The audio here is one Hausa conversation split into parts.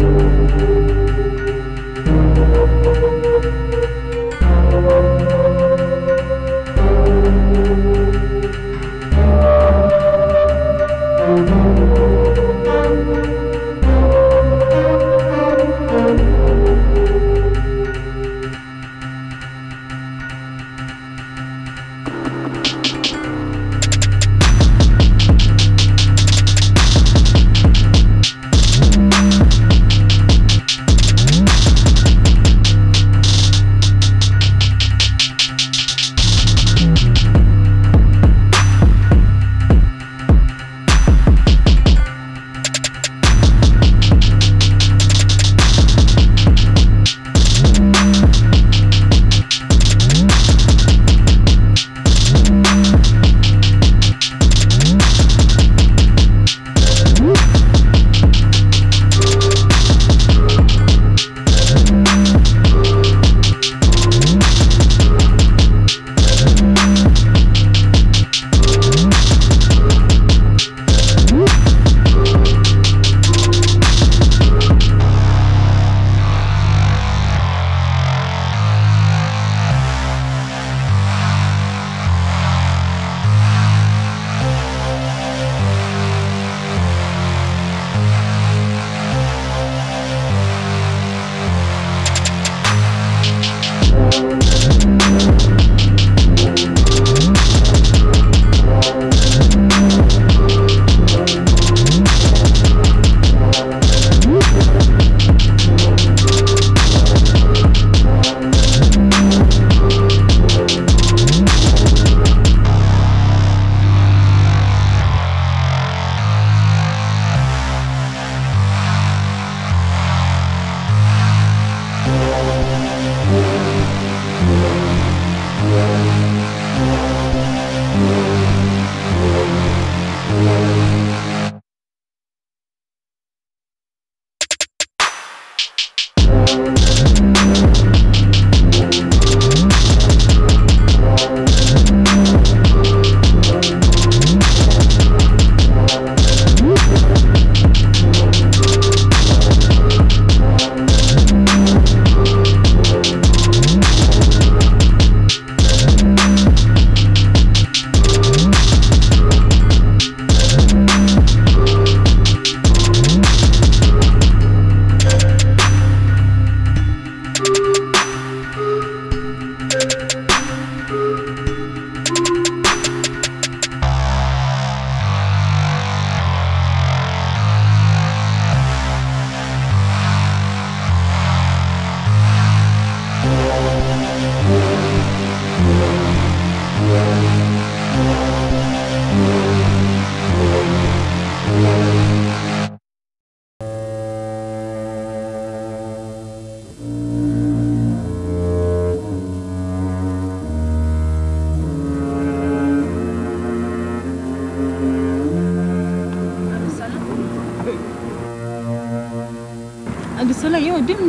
thank you Thank you.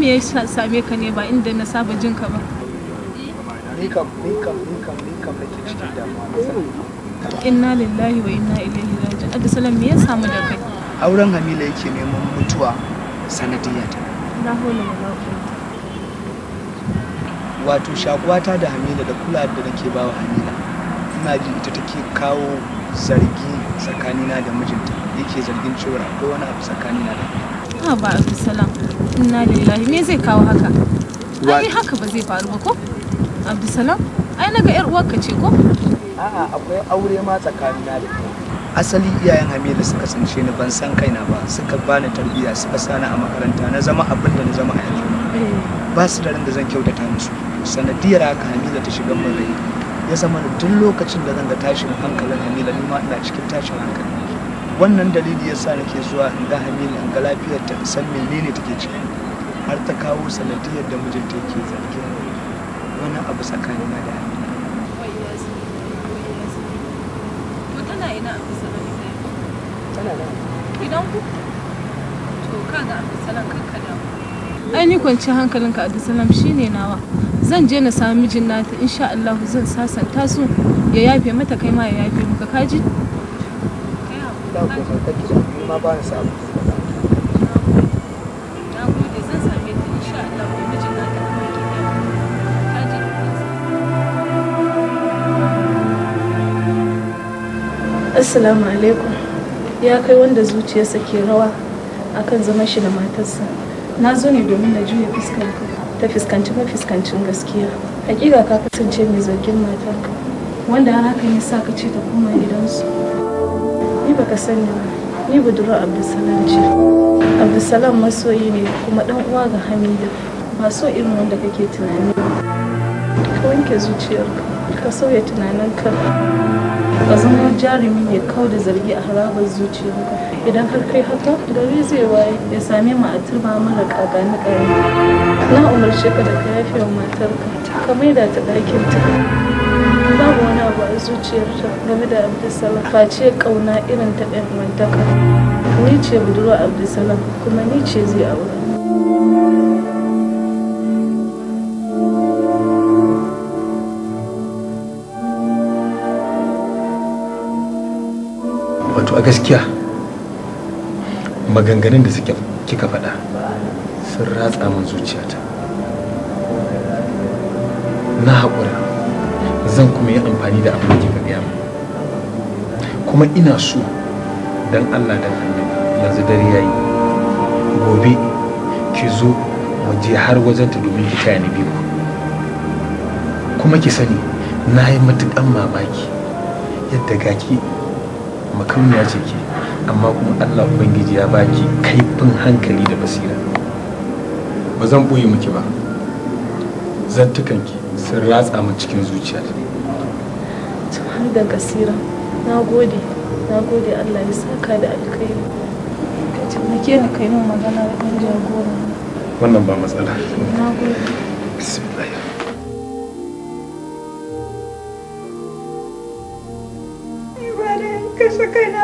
ya same ka ne ba inda na saba jin ka ba ni kam ni kam ni kam ni kam nake cikin damuwa inna lillahi wa inna ilaihi raji'un adda salam me ya samu da kai auren hamila yake neman mutuwa sanadiyata ta. wato shakuwata da hamila da kula da nake wa hamila ina ji ita take kawo zargi tsakanina da mijinta yake zargin cewa akwai wani abu tsakanina da mijinta ha ba abdulsalam inna lillahi me zai kawo haka ai haka ba zai faru ba ko abdulsalam ai ga yar uwarka ce ko a'a akwai aure ma tsakanin na da asali iyayen hamida suka tsince ni ban san kaina ba suka bani tarbiyya suka sani a makaranta na zama abin da na zama a yanzu eh. ba su da da zan kyautata musu sanadiyar haka hamida ta shiga mun rai ya zama duk lokacin da zan ga tashin hankalin Hamila, ni ma ina cikin tashin hankali wannan dalili ya sa nake zuwa in ga hamila in ga lafiyar ta san menene take ciki har ta kawo sanadiyar da mijinta yake zargin wani abu tsakanina da hamila tana ina a kusa da tana da ku to ga a kusa kanka da ai ni kwanci hankalinka Salam shine nawa zan je na sami mijin nata insha Allah zan sasanta su ya yafe mata kai ma ya yafe muka kaji Assalamu alaikum ya kai wanda zuciyarsa ke rawa akan zama shi da matarsa na zo ne domin na juya fuskanta ta fuskanci mafuskancin gaskiya hakika ka kasance mai zargin mata wanda har hakan ya sa ka ce ta koma gidansu baka sani ba ni budurwar abdulsalam ce abdulsalam masoyi ne kuma dan uwa ga hamida ba so irin wanda kake tunani ka wanke zuciyarka ka sauya tunaninka ka zama jarumi ne kawo da zargi a harabar zuciyarka idan har kai haka gari zai waye ya same mu a turba mara kaga na kare na umarce ka da ka yafe wa matarka ka maida ta ɗakin ta babu wani zuciyarta game da abdulsalam face kauna irin ta ɗan ni ce budurwa abdulsalam kuma ni ce zai aure wato a gaskiya maganganun da suke kika faɗa sun ratsa min zuciyata na haƙu zan kuma yi amfani da abin da kika gaya kuma ina so dan Allah da annabi yanzu dare yayi gobe ki zo mu je har wajen ta domin ki ni biyu kuma ki sani na yi matukan mamaki yadda gaki ya ce ke amma kuma Allah Ubangiji ya baki kaifin hankali da basira ba zan ɓoye miki ba zantukanki sun ratsa mu cikin zuciya har da kasira na gode allah ya saka da alkhairi ka taimake ni kai min magana da kan jagora wannan ba matsala na gode bismillah kashe kaina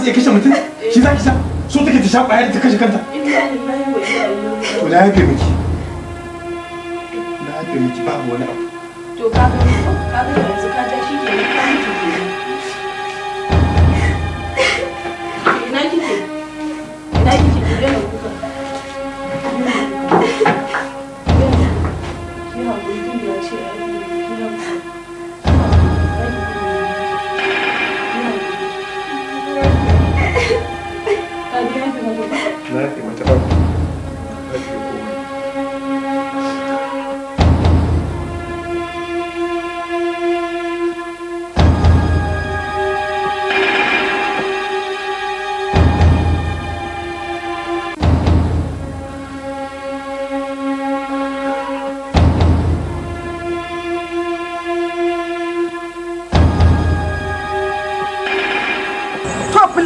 za su iya kashe mutum shi za ki sha so take ta sha kwayar ta kashe kanta to na yafe miki na yafe miki babu wani abu to ka ga ka ga yanzu ka ja shi ke ka mutu ke ina kike ina kike ku daina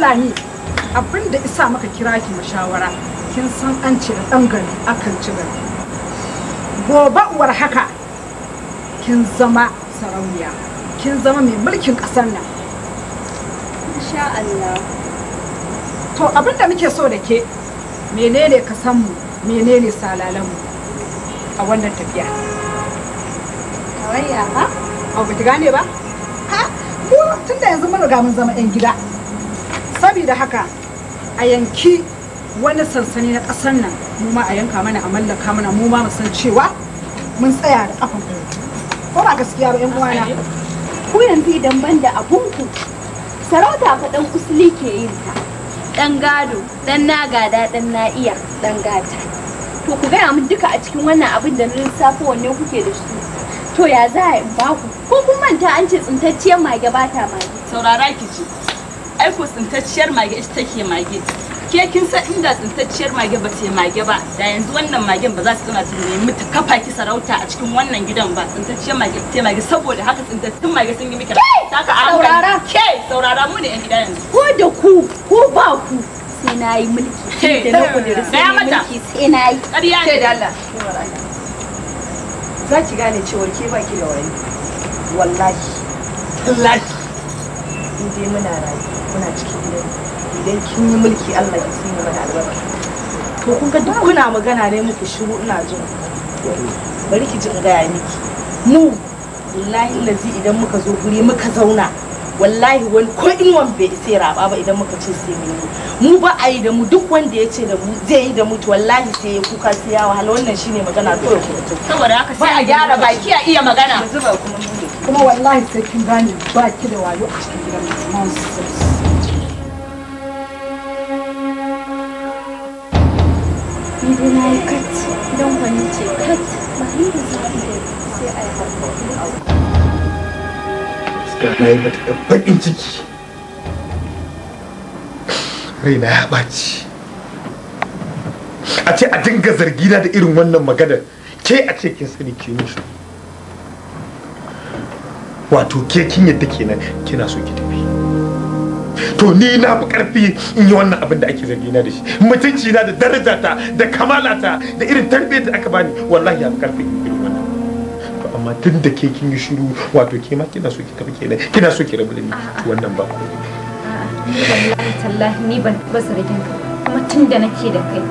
wallahi abin da isa maka kira ki mashawara kin san an ce dan gari akan ci gari gobe uwar haka kin zama sarauniya kin zama mai mulkin kasar nan insha Allah to abin da muke so da ke menene ka san mu menene salalan mu a wannan tafiya kawai ya ba ba ki gane ba ha ko tunda yanzu mun riga mun zama yan gida saboda haka a yanki wani sansani na ƙasar nan mu ma a yanka mana a mallaka mana mu ma san cewa mun tsaya da kafan ko ba gaskiya ba yan uwana ku yanzu idan ban da abunku sarauta fa dan usuli ke yin ta dan gado dan nagada dan na iya dan gata to ku gaya mun duka a cikin wannan abin da na lissafo wanne kuke da su to ya za a ba ku. ko kun manta an ce tsintacciyar mage ba ta mage saurara ki ce aiko tsintacciyar mage ita take mage ke kin san inda tsintacciyar mage ba ce mage ba da yanzu wannan magen ba za su zauna su nemi ta kafa ki sarauta a cikin wannan gidan ba tsintacciyar mage ta mage saboda haka tsintattun mage sun yi miki ta ka saurara ke saurara mu ne yan gida yanzu ko da ku ko ba ku sai na yi mulki da na eh, ku da sai mulki sai na yi ƙarya ne da Allah za ki gane cewa ke baki da wani wallahi wallahi in dai muna rayu muna cikin gidan idan kin yi mulki Allah ya sanya mana albarka to kun ga duk kuna magana ne muku shiru ina jin bari ki ji in gaya miki mu wallahi lazi idan muka zo guri muka zauna wallahi wani ko in wan bai isa raba ba idan muka ce sai mun yi mu ba a yi da mu duk wanda ya ce da mu zai yi da mu to wallahi sai ya kuka sai ya wahala wannan shine magana to ya kuma saboda haka sai a gyara baki a iya magana kuma wallahi sai kin gane ba ki da wayo a cikin gidan mu ni kat don ce kat ba ni da sai a yi gaskiya na yi matuƙar baƙin ciki raina ya ɓaci a ce a dinga zargina da irin wannan maganar ke a ce kin sani ke musu wato ke kin yadda kenan kina so ki tafi to ni na fi karfi in yi wannan abin da ake zargina da shi mutunci na da darajata da kamalata da irin tarbiyyar da aka bani wallahi ya fi karfi in amma tun da ke kin yi shiru wato ke ma kina so ki tafi kenan kina so ki rabu da ni wannan ba wallahi tallahi ni ban taba zargin ka kuma tun da nake da kai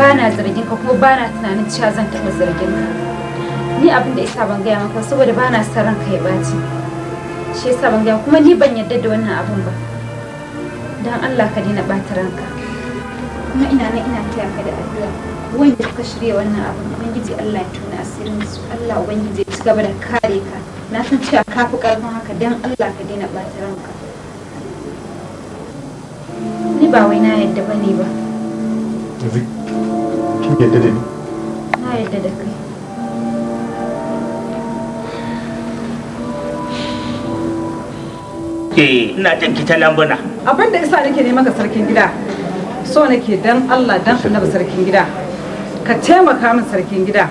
ba na zargin ka kuma ba na tunanin cewa zan taba zargin ka ni abin da isa ban gaya maka saboda ba na son ranka ya baci shi yasa ban gaya kuma ni ban yarda da wannan abin ba dan Allah ka daina bata ranka kuma ina nan ina taya ka da addu'a wanda ka shirya wannan abin ubangiji Allah ya tuna asirin su Allah ubangiji ya ci gaba da kare ka na san cewa ka fi karfin haka don Allah ka daina ɓata ranka ni ba wai na yadda ba ne ba kin yadda da ni na yadda da kai Eh, ina jin ki ta lambuna. Abin da isa nake neman ka sarkin gida. So nake dan Allah dan Annabi sarkin gida. Ka taimaka min sarkin gida.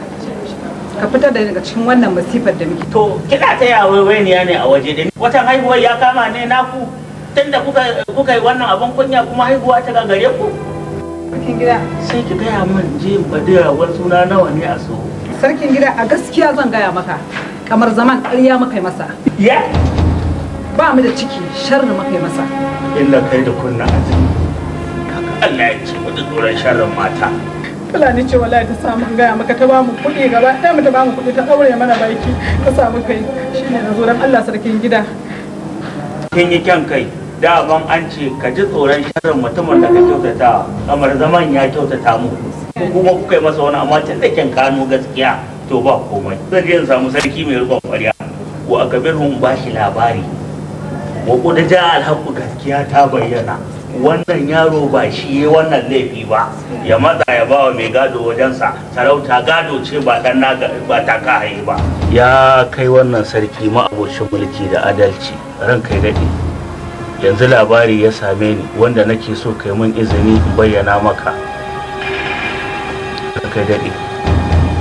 ka fitar da daga cikin wannan masifar da muke to kina ta ya waiwaiya ne a waje da ni? watan haihuwar ya kama ne naku tunda kuka kuka yi wannan abin kunya kuma haihuwa ta gagare ku sarkin gida sai ki gaya min je badiyawar suna nawa ne a so sarkin gida a gaskiya zan gaya maka kamar zaman ƙarya muka masa ya ba mu da ciki sharri muka masa illa kai da kunna azumi Allah ya ce wata tsoron sharrin mata fulani ce wallahi ta samu gaya maka ta bamu kuɗi gaba ɗaya mu ta bamu kuɗi ta ɗaure mana baki ta samu kai shine na zo don Allah sarkin gida kin yi kyan kai da ban an ce ka ji tsoron sharrin mutumin da ka kyautata kamar zaman ya kyautata mu kuma kuka yi masa wani amma tun da kyan kano gaskiya to ba komai zan je in samu sarki mai rikon ƙwarya wa akabirhum bashi labari wa kudaja alhaku gaskiya ta bayyana wannan yaro ba shi ya wannan laifi ba ya matsa ya bawa mai gado wajensa sarauta gado ce ba dan naga ba ta kahaye ba ya kai wannan sarki ma'abocin mulki da adalci ran kai daɗe yanzu labari ya same ni wanda nake so kai mun izini in bayyana maka kai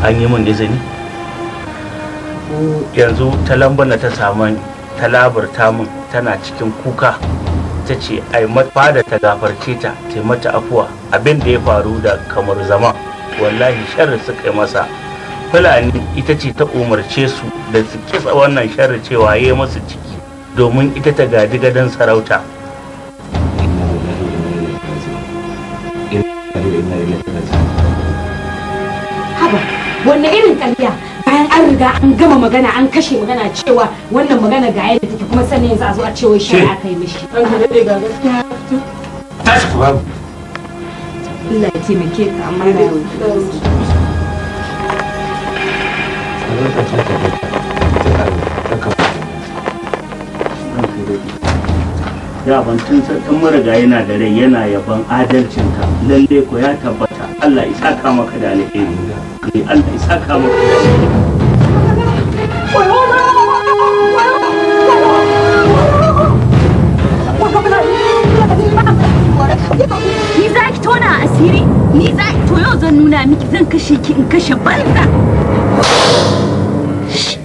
an yi mun izini yanzu ta lambana ta samu ta labarta min tana cikin kuka ta ce ai fada ta gafarce ta ta mata afuwa abin da ya faru da kamar zama wallahi sharri suka yi masa fulani ita ce ta umarce su da su kisa wannan sharri cewa ya masu ciki domin ita ta gadi gadon sarauta wannan wanne irin karya bayan an riga an gama magana an kashe magana cewa wannan magana ga kuma sannan yanzu a zo a ce wai shari'a aka yi mishi ga gaskiya tashi Allah ya taimake ka amma ya ban tun sarkin mariga yana da rai yana yaban adalcinka lalle ko ya tabbata Allah ya saka maka da alheri Allah ya saka maka da alheri Ni za ki tona asiri, ni za ki to zan nuna miki zan kashe ki in kashe banza.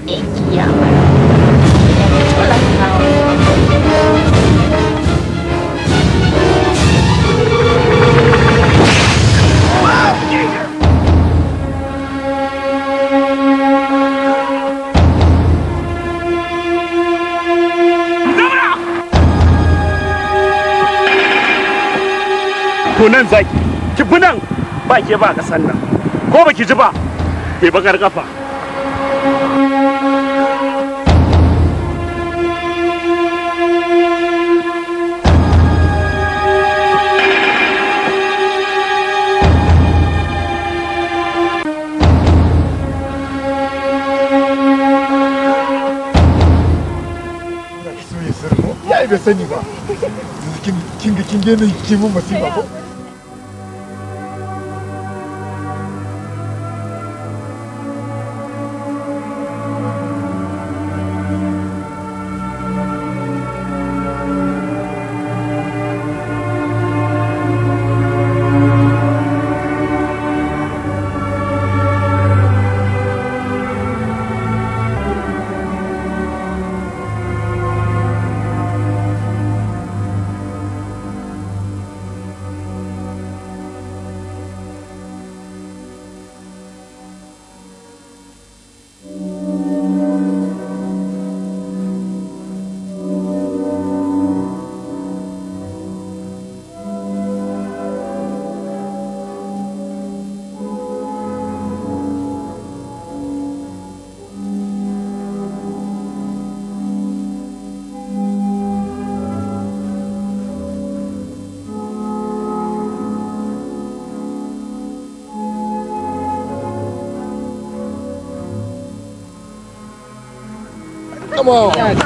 Eh, nan zaki ki bi nan ba ke ba kasan nan ko baki ji ba ke bakar kafa bai sani ba kin ga kin ne ki mun masifa ko Come on. Allah dan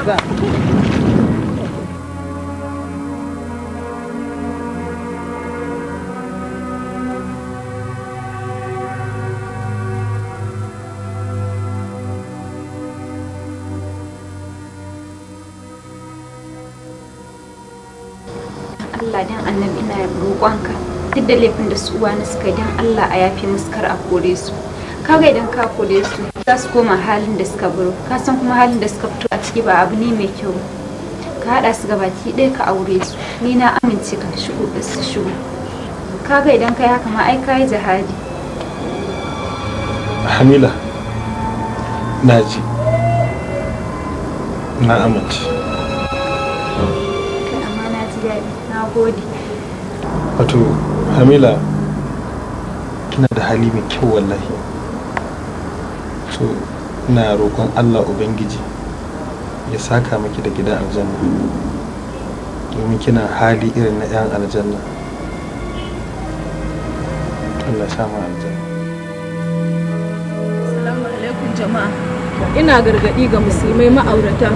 annabi ina roƙonka duk da laifin da su uwa na suka dan Allah a yafi muskar a kore su kawai idan ka kore su za su koma halin da suka buru ka san kuma halin da suka fito a ciki ba abu ne mai kyau ka haɗa su gabaki ɗaya ka aure su ni na amince ka shigo da su shigo ga idan kai haka ma ai ka yi jihadi hamila na ji na amince amma na ji daɗi na gode wato hamila kina da hali mai kyau wallahi to na roƙon allah ubangiji ya saka miki da gidan aljanna domin kina hali irin na 'yan aljanna allah sama aljanna alaikum jama'a ina gargaɗi ga musulmai ma'aurata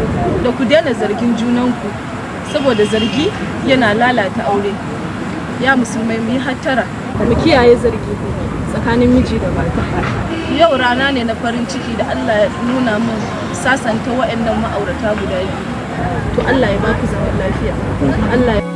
da ku daina zargin junanku saboda zargi yana lalata aure ya musulmai mu yi hattara mu kiyaye zargi tsakanin miji da mata yau rana ne na farin ciki da Allah ya nuna min sasanta waɗannan ma'aurata guda biyu to Allah ya baku zaman lafiya Allah ya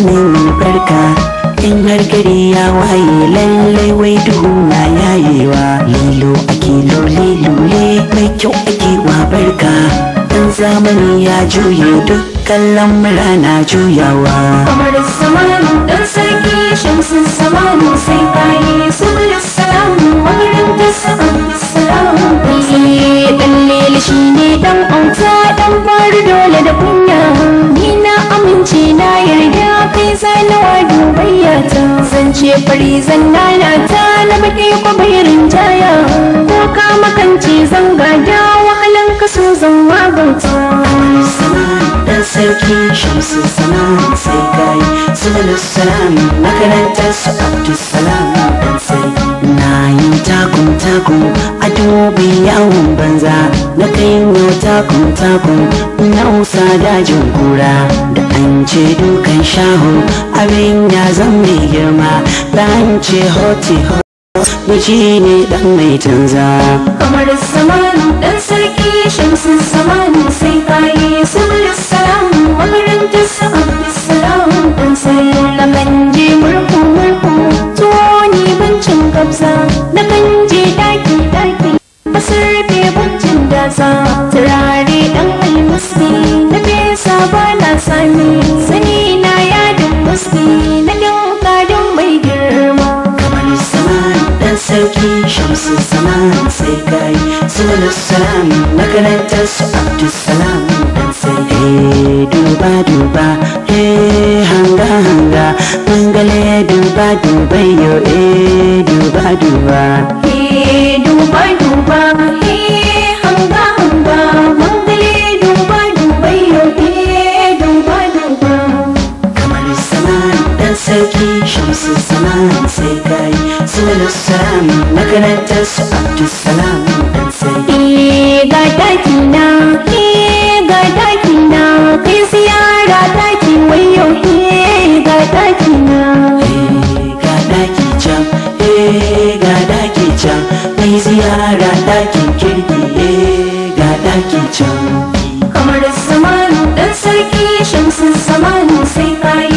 ne barka in har gari ya waye lallai wai duhu na yayewa lilo ake lole lole mai kyau ake wa barka dan zamani ya juye duk kallon mura na juyawa kamar samanu dan sarki shamsin samanu sai baye sun da salamu wani da dan lele shine dan auta dan faru dole da kunya ni na amince na yarda kai zanawa dubayya ta ce fari zannana ta na baki ko bayarin jaya ko ka makance zanga da wahalan ka so zan maganta sarki shamsu salam sai kai sulu salam makarantar su abdus salam dan sai na yin takun takun bin yawon banza na kai yau takun na usa dajin kura da an ce dukan shahu abin ya zan mai girma da an ce hoti Miji ne dan mai canza Kamar samanin dan sarki shamsin samanin sai kayi samar salamu wamarin da saman salamu dan sayi na manji murhu murhu tuwo ne bancin kabza na sani sani na ya dubbuski na dauka don mai girma kamar saman dan sarki shamsu saman sai kai sulu salam makarantar su abdulsalam dan sai eh duba duba eh hanga hanga mangale duba duba yo eh duba duba eh duba duba eh Abdulsalam sai kai Sulusam makarantar su Abdulsalam dan sai Eh ga daki na eh ga daki na kai ziyara daki wayo eh ga daki na eh ga daki can eh ga daki can kai ziyara dakin kirki eh ga daki can kamar samanu dan sarki shamsun samanu sai kai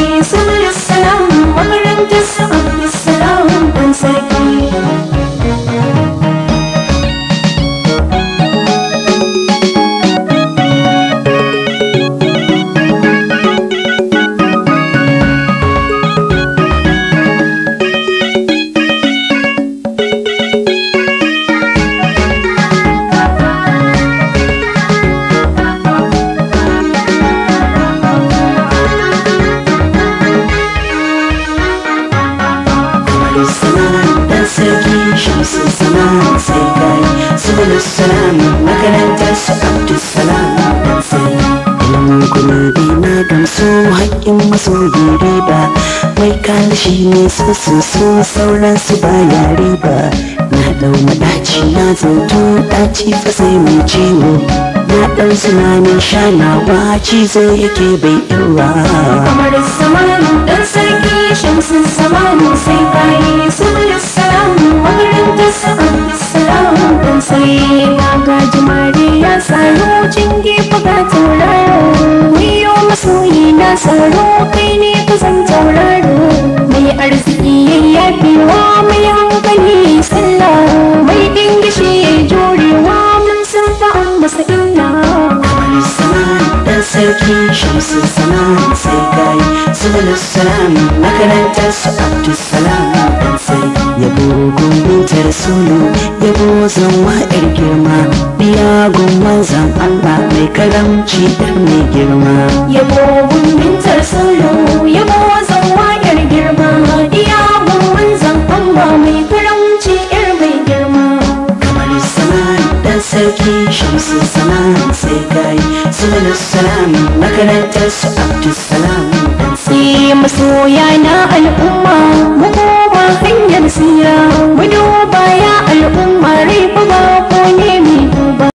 haƙƙin maso gobe ba mai Kashi ne su su su sauran su ba yare ba na ɗau madaci na zautu ɗaci fa sai mai ciwo na ɗau sunanin shanawa cizo yake bai irwa kamar samanu ɗan sarki shamsun samanu sai yi su salamu makarantar sarautun sai na gaji ya tsaro cinge buga tauraro wiyo masoyi na tsaro kai ne kusan tauraro mai arziki yayyafiwa mai hankali sallah mai dingashi ya jurewa mun san fa'an masa illa dan sarki shamsu salam sai kai subul salam makarantar su abdus salam yabo gumbutar solo ya zanwa yar girma biya gungun zan allah mai karamci da mai girma yabo gumbutar solo ya zanwa yar girma biya gungun zan allah mai karamci yar mai girma kamar sama dan sarki shamsu sama sai kai sunan salam makarantar su abdus salam dan sai masoya na al'umma mu hanyar siya mu baya ya al'umma rai ba kone ne mai